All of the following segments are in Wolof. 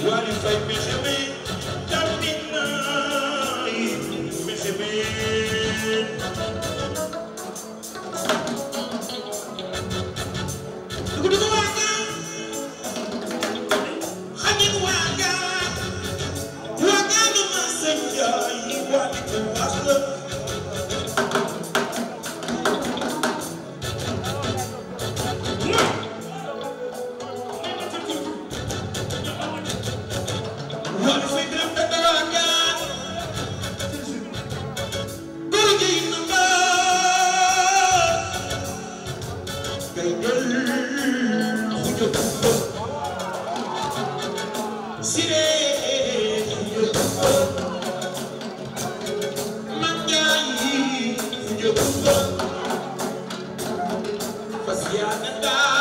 Why do you fight me? fas yaa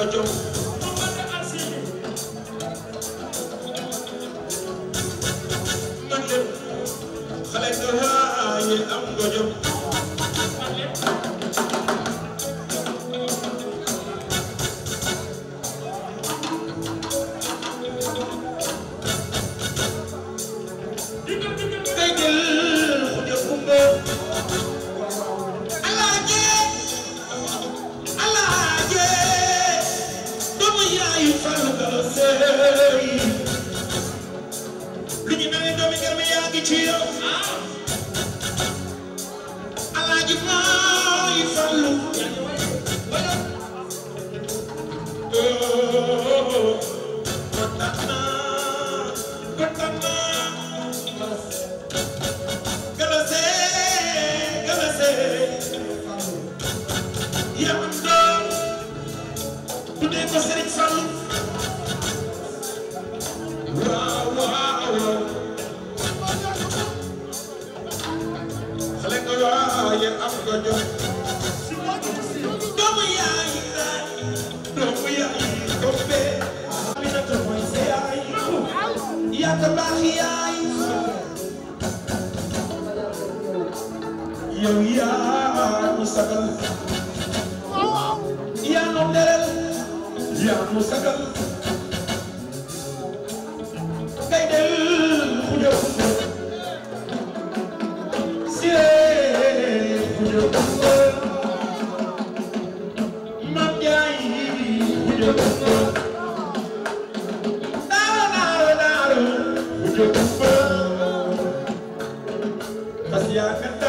Jojo. Alaaji Faal yow yaa nu sagal yaa nu derel yaa nu sagal kay del ku jëw siree ku jëw mam jaay ku jëw daara